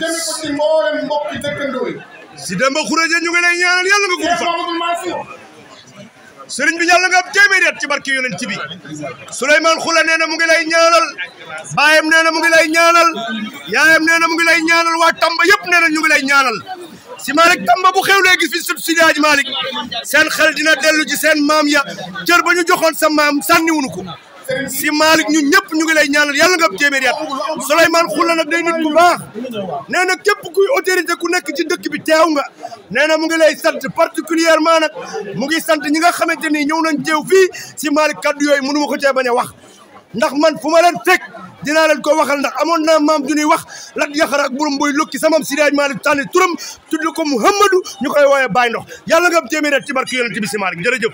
jëme ko ci mboolem mbokki dëkkandoo yi si demba xuréje ñu ngi lay ñaanal yàlla nga gudd fa sëriñ bi yàlla nga ab téeméeri at ci barke yonent bi Souleymane Khoule nee na mu ngi lay ñaanal baayam nee mu ngi ay ñaanal yaayam nee mu ngi lay ñaanal waa Tamba yëpp nee na ñu ngi ay ñaanal si Malick Tamba bu xewlee gis fi subsidié Malick seen xel dina dellu ci seen maam ya cër ba ñu joxoon sa maam sànniwunu ko si Malick ñun ñëpp ñu ngi lay ñaanal yàlla nga am téeméeri at Souleymane Khoule nag day nit bu baax nee na ku kuy te ku nekk ci dëkk bi teew nga nee na mu ngi lay sant particulièrement nag mu ngi sant ñi nga xamante ni ñëw nañ teew fii si Malick kaddu yooyu mënu ma ko cee bañ a wax ndax man fu ma leen fekk dinaa leen ko waxal ndax amoon naa maam du ñuy wax lat yaxara ak borom boy lokki samam siraaj Malick tànn turam tudd ko Muhammadu ñu koy woowee Baye ndox yàlla nga am téeméeri at ci barke yonent jërëjëf